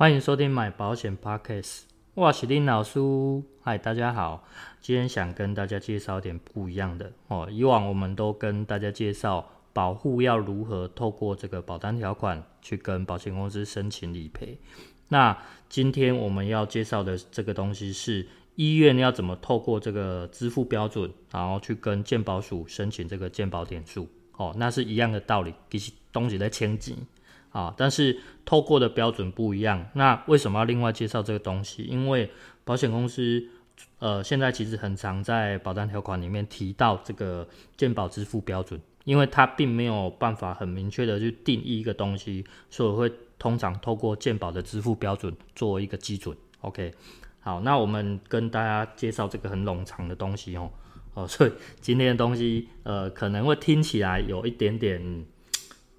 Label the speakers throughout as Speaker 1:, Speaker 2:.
Speaker 1: 歡迎收聽買保險 Podcast，我是林老師。嗨，大家好，今天想跟大家介紹一點不一樣的。哦，以往我們都跟大家介紹保戶要如何透過這個保單條款去跟保險公司申請理賠。那今天我們要介紹的這個東西是醫院要怎麼透過這個支付標準，然後去跟健保署申請這個健保點數。哦，那是一樣的道理，其實東西在前級。啊，但是透過的標準不一樣。那為什麼要另外介紹這個東西？因為保險公司，呃，現在其實很常在保單條款裡面提到這個健保支付標準，因為它並沒有辦法很明確的去定義一個東西，所以我會通常透過健保的支付標準作為一個基準。OK，好，那我們跟大家介紹這個很冗長的東西哦，哦，所以今天的東西，呃，可能會聽起來有一點點。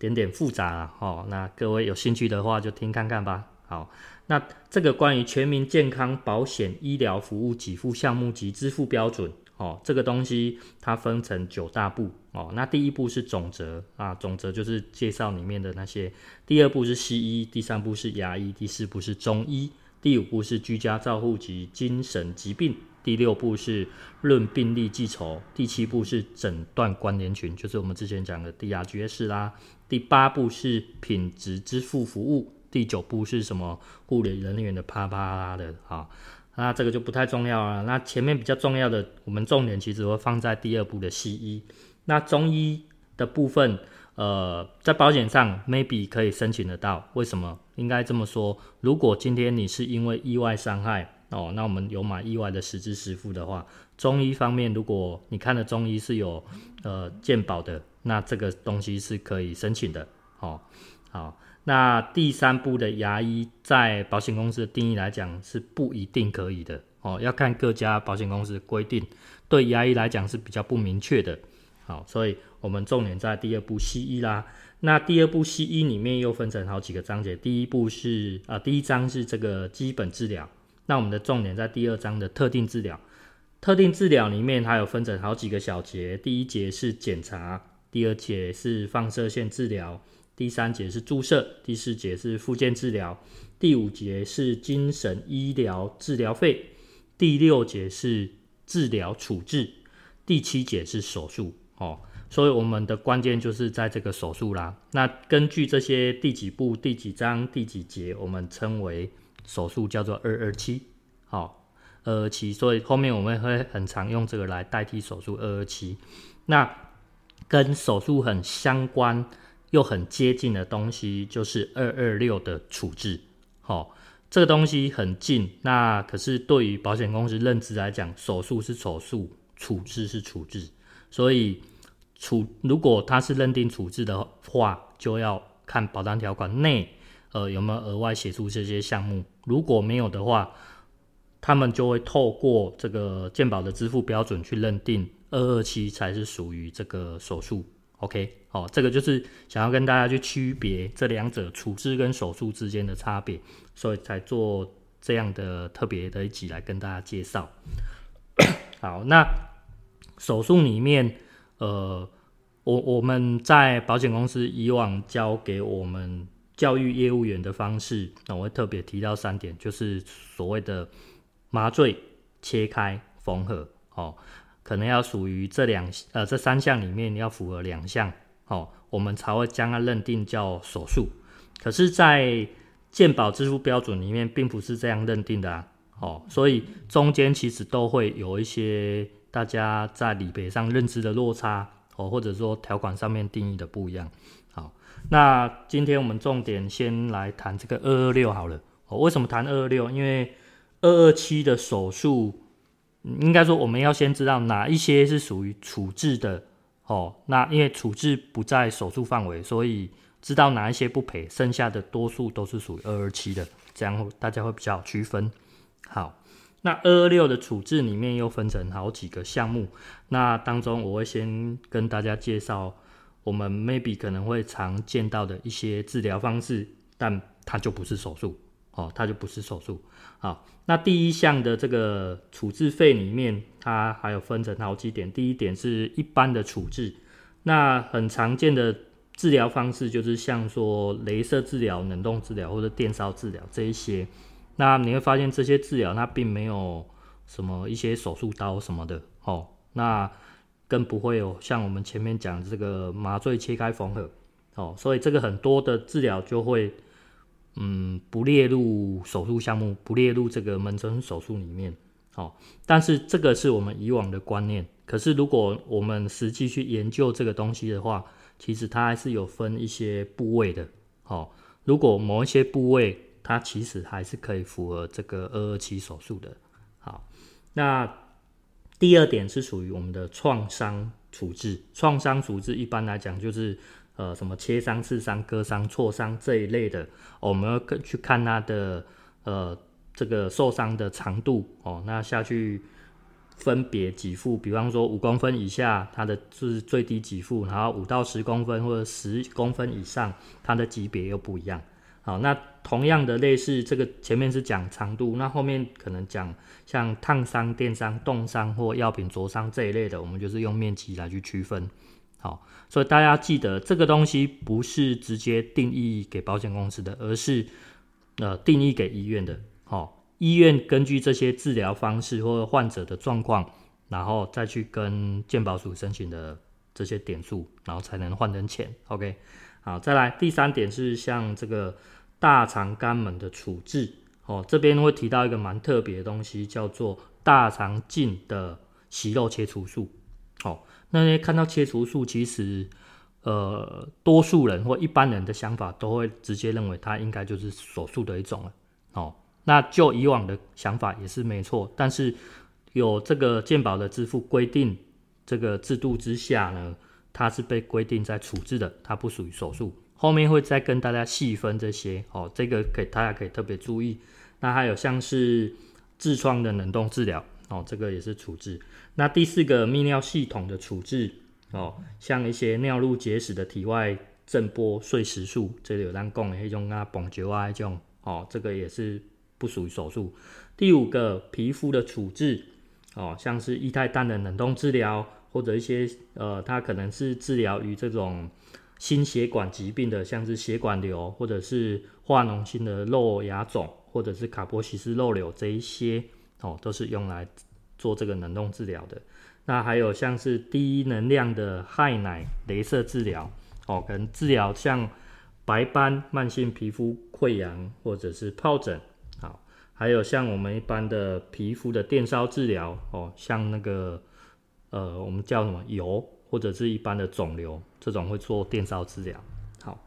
Speaker 1: 點點複雜、啊、哦，那各位有興趣的話就聽看看吧。好，那這個關於全民健康保險醫療服務給付項目及支付標準哦，這個東西它分成九大部哦。那第一部是總則啊，總則就是介紹裡面的那些。第二部是西醫，第三部是牙醫，第四部是中醫，第五部是居家照護及精神疾病，第六部是論病例計酬；第七部是診斷關聯群，就是我們之前講的 DRGs 啦。第八部是品質支付服務，第九部是什麼護理人員的啪啪啦的啊，那這個就不太重要了，啊。那前面比較重要的，我們重點其實會放在第二部的西醫。那中醫的部分，呃，在保險上 maybe 可以申請得到。為什麼？應該這麼說，如果今天你是因為意外傷害哦，那我們有買意外的實支實付的話，中醫方面，如果你看的中醫是有呃健保的。那這個東西是可以申請的，哦，好，那第三部的牙醫在保險公司的定義來講是不一定可以的，哦，要看各家保險公司的規定，對牙醫來講是比較不明確的，好，所以我們重點在第二部西醫啦。那第二部西醫裡面又分成好幾個章節，第一部是啊、呃，第一章是這個基本治療，那我們的重點在第二章的特定治療，特定治療裡面它有分成好幾個小節，第一節是檢查。第二節是放射線治療，第三節是注射，第四節是復健治療，第五節是精神醫療治療費，第六節是治療處置，第七節是手術哦。所以我們的關鍵就是在這個手術啦。那根據這些第幾部、第幾章、第幾節，我們稱為手術叫做二二七，好二二七。所以後面我們會很常用這個來代替手術二二七。227, 那跟手術很相關又很接近的東西，就是二二六的處置。好，這個東西很近。那可是對於保險公司認知來講，手術是手術，處置是處置。所以處如果它是認定處置的話，就要看保單條款內呃有沒有額外寫出這些項目。如果沒有的話，他們就會透過這個健保的支付標準去認定。二二七才是屬於這個手術，OK，好，哦，這個就是想要跟大家去區別這兩者處置跟手術之間的差別，所以才做這樣的特別的一集來跟大家介紹。 好，那手術裡面，呃，我我們在保險公司以往教給我們教育業務員的方式，那我會特別提到三點，就是所謂的麻醉、切開、縫合，哦。可能要屬於這兩呃這三項裡面你要符合兩項哦，我們才會將它認定叫手術。可是，在健保支付標準裡面，並不是這樣認定的、啊、哦，所以中間其實都會有一些大家在理賠上認知的落差哦，或者說條款上面定義的不一樣。好、哦，那今天我們重點先來談這個二二六好了。哦，為什麼談二二六？因為二二七的手術。應該說，我們要先知道哪一些是屬於處置的哦。那因為處置不在手術範圍，所以知道哪一些不賠，剩下的多數都是屬於二二七的，這樣大家會比較好區分。好，那二二六的處置裡面又分成好幾個項目，那當中我會先跟大家介紹我們 maybe 可能會常見到的一些治療方式，但它就不是手術。哦，它就不是手術。好，那第一項的這個處置費裡面，它還有分成好幾點。第一點是一般的處置，那很常見的治療方式就是像說雷射治療、冷凍治療或者電燒治療這一些。那你會發現這些治療，它並沒有什麼一些手術刀什麼的哦，那更不會有像我們前面講的這個麻醉切開縫合。哦，所以這個很多的治療就會。嗯，不列入手術項目，不列入這個門診手術裡面。哦，但是這個是我們以往的觀念。可是如果我們實際去研究這個東西的話，其實它還是有分一些部位的。哦，如果某一些部位，它其實還是可以符合這個二二七手術的。好，哦，那第二點是屬於我們的創傷處置。創傷處置一般來講就是。呃，什麼切傷、刺傷、割傷、挫傷這一類的，哦、我們要去看它的呃這個受傷的長度哦。那下去分別給付。比方說五公分以下，它的是最低給付，然後五到十公分或者十公分以上，它的級別又不一樣。好、哦，那同樣的類似這個前面是講長度，那後面可能講像燙傷、電傷、凍傷或藥品灼傷這一類的，我們就是用面積來去區分。好，所以大家記得這個東西不是直接定義給保險公司的，而是呃定義給醫院的。好、哦，醫院根據這些治療方式或患者的狀況，然後再去跟健保署申請的這些點數，然後才能換成錢。OK，好，再來第三點是像這個大腸肛門的處置。哦，這邊會提到一個蠻特別的東西，叫做大腸鏡的息肉切除術。好、哦，那些看到切除術，其實，呃，多數人或一般人的想法都會直接認為它應該就是手術的一種了。哦，那就以往的想法也是沒錯，但是有這個健保的支付規定這個制度之下呢，它是被規定在處置的，它不屬於手術。後面會再跟大家細分這些，哦，這個給大家可以特別注意。那還有像是痔瘡的冷凍治療。哦，這個也是處置。那第四個泌尿系統的處置，哦，像一些尿路結石的體外震波碎石術，這裡有人講的一種啊膀胱啊這種，哦，這個也是不屬於手術。第五個皮膚的處置，哦，像是液態氮的冷凍治療，或者一些呃，它可能是治療於這種心血管疾病的，像是血管瘤或者是化膿性的肉芽腫，或者是卡波西氏肉瘤這一些。哦，都是用來做這個冷凍治療的。那還有像是低能量的氦氖鐳射治療，哦，跟治療像白斑、慢性皮膚潰瘍或者是疱疹，好，還有像我們一般的皮膚的電燒治療，哦，像那個呃，我們叫什麼疣或者是一般的腫瘤這種會做電燒治療。好，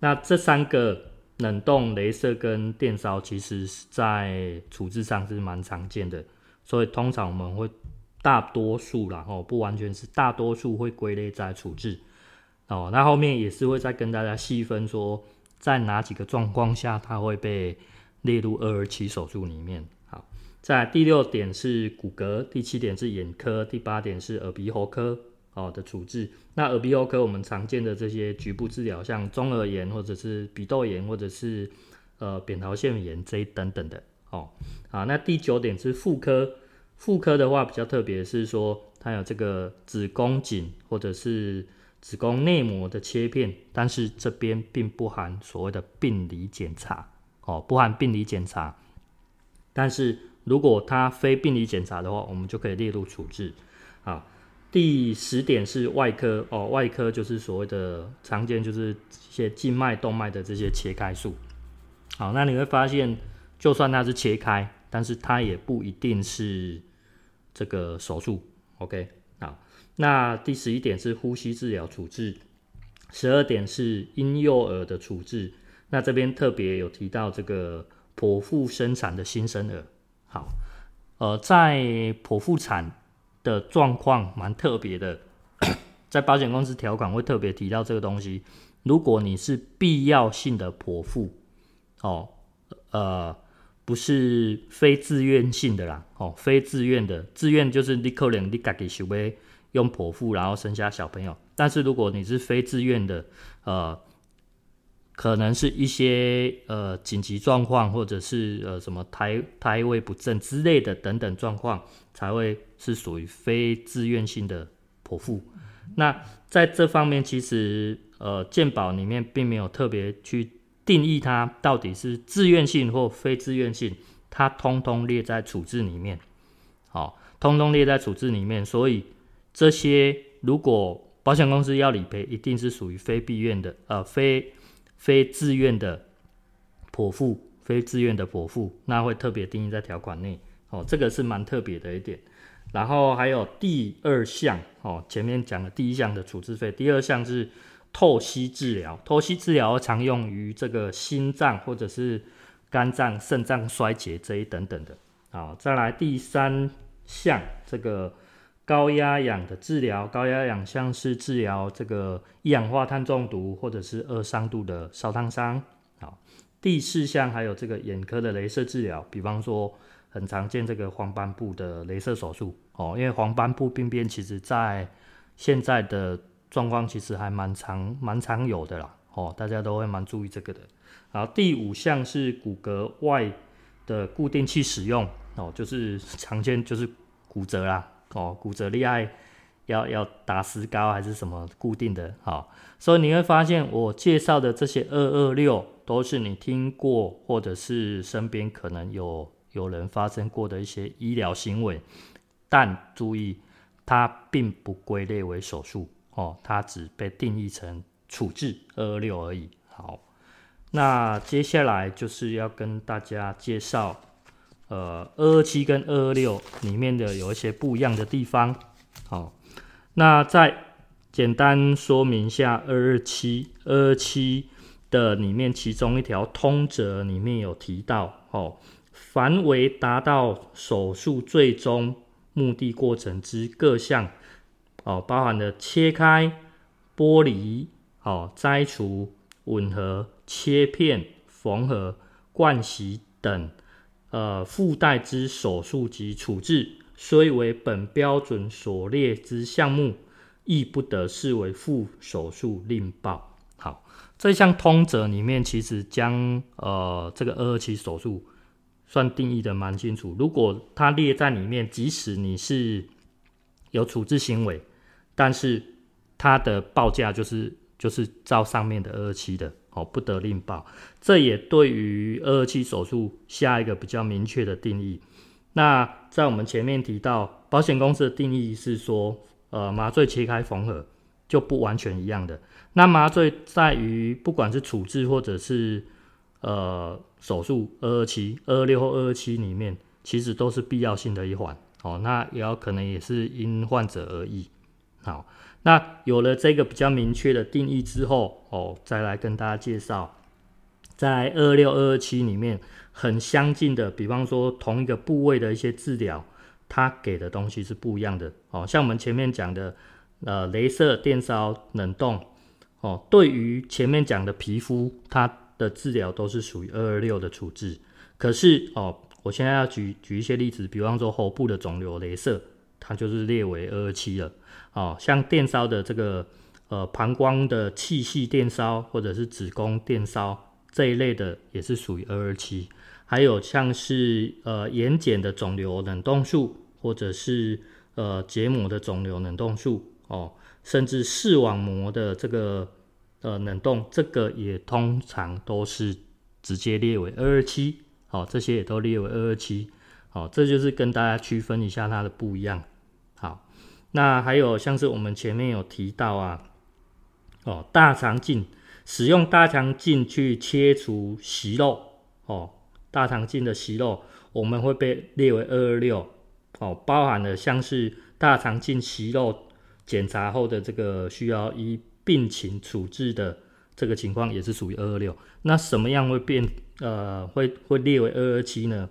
Speaker 1: 那這三個。冷凍、雷射跟電燒，其實是在處置上是蠻常見的，所以通常我們會大多數啦，哦，不完全是，大多數會歸類在處置，哦，那後面也是會再跟大家細分說，在哪幾個狀況下它會被列入二二七手術裡面。好，再來第六點是骨骼，第七點是眼科，第八點是耳鼻喉科。好的處置。那耳鼻喉科我們常見的這些局部治療，像中耳炎或者是鼻竇炎或者是呃扁桃腺炎這一等等的哦。啊，那第九點是婦科，婦科的話比較特別，是說它有這個子宮頸或者是子宮內膜的切片，但是這邊並不含所謂的病理檢查哦，不含病理檢查。但是如果它非病理檢查的話，我們就可以列入處置啊。第十點是外科哦，外科就是所謂的常見，就是一些靜脈動脈的這些切開術。好，那你會發現，就算它是切開，但是它也不一定是這個手術。OK，好，那第十一點是呼吸治療處置，十二點是嬰幼兒的處置。那這邊特別有提到這個剖腹生產的新生兒。好，呃，在剖腹產。的狀況蠻特別的， 在保險公司條款會特別提到這個東西。如果你是必要性的剖腹，哦，呃，不是非自願性的啦，哦，非自願的，自願就是你可能你自己是用剖腹然後生下小朋友。但是如果你是非自願的，呃。可能是一些呃緊急狀況，或者是呃什麼胎胎位不正之類的等等狀況，才會是屬於非自願性的剖腹。那在這方面，其實呃健保裡面並沒有特別去定義它到底是自願性或非自願性，它通通列在處置裡面。好、哦，通通列在處置裡面，所以這些如果保險公司要理賠，一定是屬於非必願的呃非。非自願的剖腹，非自願的剖腹，那會特別定義在條款內。哦，這個是蠻特別的一點。然後還有第二項，哦，前面講的第一項的處置費，第二項是透析治療。透析治療常用於這個心臟或者是肝臟、腎臟衰，衰竭這一等等的。好，哦，再來第三項，這個。高壓氧的治療，高壓氧像是治療這個一氧化碳中毒或者是二三度的燒燙傷。好，第四項還有這個眼科的雷射治療，比方說很常見這個黃斑部的雷射手術哦，因為黃斑部病變其實在現在的狀況其實還蠻常蠻常有的啦哦，大家都會蠻注意這個的。然後第五項是骨骼外的固定器使用哦，就是常見就是骨折啦。哦，骨折厲害，要要打石膏還是什麼固定的？好，所以你會發現我介紹的這些二二六，都是你聽過或者是身邊可能有有人發生過的一些醫療行為，但注意，它並不歸類為手術哦，它只被定義成處置二二六而已。好，那接下來就是要跟大家介紹。呃，二二七跟二二六裡面的有一些不一樣的地方。好，哦，那再簡單說明一下，二二七二二七的裡面，其中一條通則裡面有提到，哦，凡為達到手術最終目的過程之各項，哦，包含了切開、剝離、哦、摘除、吻合、切片、縫合、灌洗等。呃，附帶之手術及處置雖為本標準所列之項目，亦不得視為副手術另報。好，這項通則裡面其實將呃這個二二七手術算定義的蠻清楚。如果它列在裡面，即使你是有處置行為，但是它的報價就是就是照上面的二二七的。哦，不得另報，這也對於二二七手術下一個比較明確的定義。那在我們前面提到，保險公司的定義是說，呃，麻醉切開縫合就不完全一樣的。那麻醉在於，不管是處置或者是呃手術二二七二二六或二二七裡面，其實都是必要性的一環。哦，那也要可能也是因患者而異。好，那有了這個比較明確的定義之後，哦，再來跟大家介紹，在二二六、二二七裡面很相近的，比方說同一個部位的一些治療，它給的東西是不一樣的。哦，像我們前面講的，呃，雷射、電燒、冷凍，哦，對於前面講的皮膚，它的治療都是屬於二二六的處置。可是，哦，我現在要舉舉一些例子，比方說喉部的腫瘤，雷射。它就是列為二二七了，哦，像電燒的這個呃膀胱的氣系電燒或者是子宮電燒這一類的也是屬於二二七，還有像是呃眼瞼的腫瘤冷凍術或者是呃結膜的腫瘤冷凍術哦，甚至視網膜的這個呃冷凍，這個也通常都是直接列為二二七，哦，這些也都列為二二七，哦，這就是跟大家區分一下它的不一樣。好，那還有像是我們前面有提到啊，哦，大腸鏡使用大腸鏡去切除息肉，哦，大腸鏡的息肉，我們會被列為二二六，哦，包含了像是大腸鏡息肉檢查後的這個需要依病情處置的這個情況，也是屬於二二六。那什麼樣會變呃，會會列為二二七呢？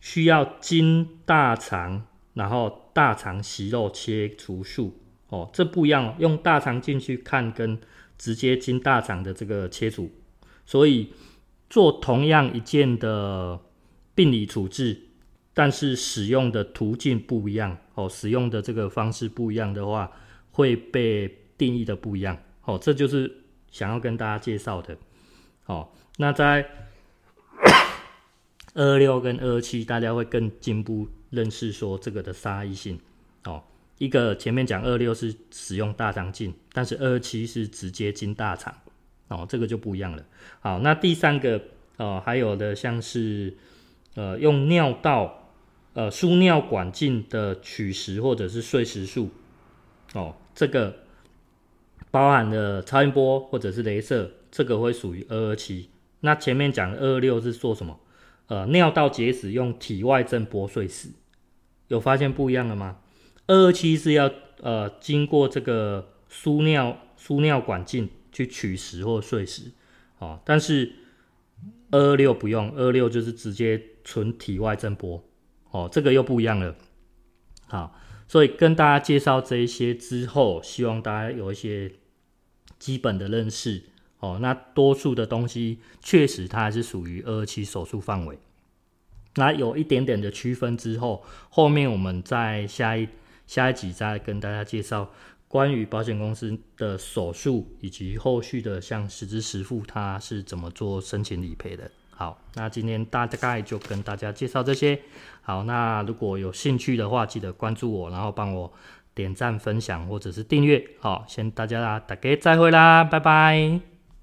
Speaker 1: 需要經大腸。然後大腸息肉切除術，哦，這不一樣，用大腸鏡去看，跟直接經大腸的這個切除，所以做同樣一件的病理處置，但是使用的途徑不一樣，哦，使用的這個方式不一樣的話，會被定義的不一樣，哦，這就是想要跟大家介紹的，哦，那在二六跟二七，大家會更進步。認識說這個的差異性，哦，一個前面講二六是使用大腸鏡，但是二二七是直接進大腸，哦，這個就不一樣了。好，那第三個，哦，還有的像是，呃，用尿道，呃，輸尿管鏡的取石或者是碎石術，哦，這個包含了超音波或者是雷射，這個會屬於二二七。那前面講二二六是做什麼？呃，尿道結石用體外震波碎石。有發現不一樣了嗎？二二七是要呃經過這個輸尿輸尿管鏡去取石或碎石，哦，但是二二六不用，二二六就是直接純體外震波，哦，這個又不一樣了，好，所以跟大家介紹這一些之後，希望大家有一些基本的認識，哦，那多數的東西確實它還是屬於二二七手術範圍。那有一點點的區分之後，後面我們在下一下一集再跟大家介紹關於保險公司的手術以及後續的像實支實付它是怎麼做申請理賠的。好，那今天大概就跟大家介紹這些。好，那如果有興趣的話，記得關注我，然後幫我點贊、分享或者是訂閱。好，先大家啦，大家再會啦，拜拜。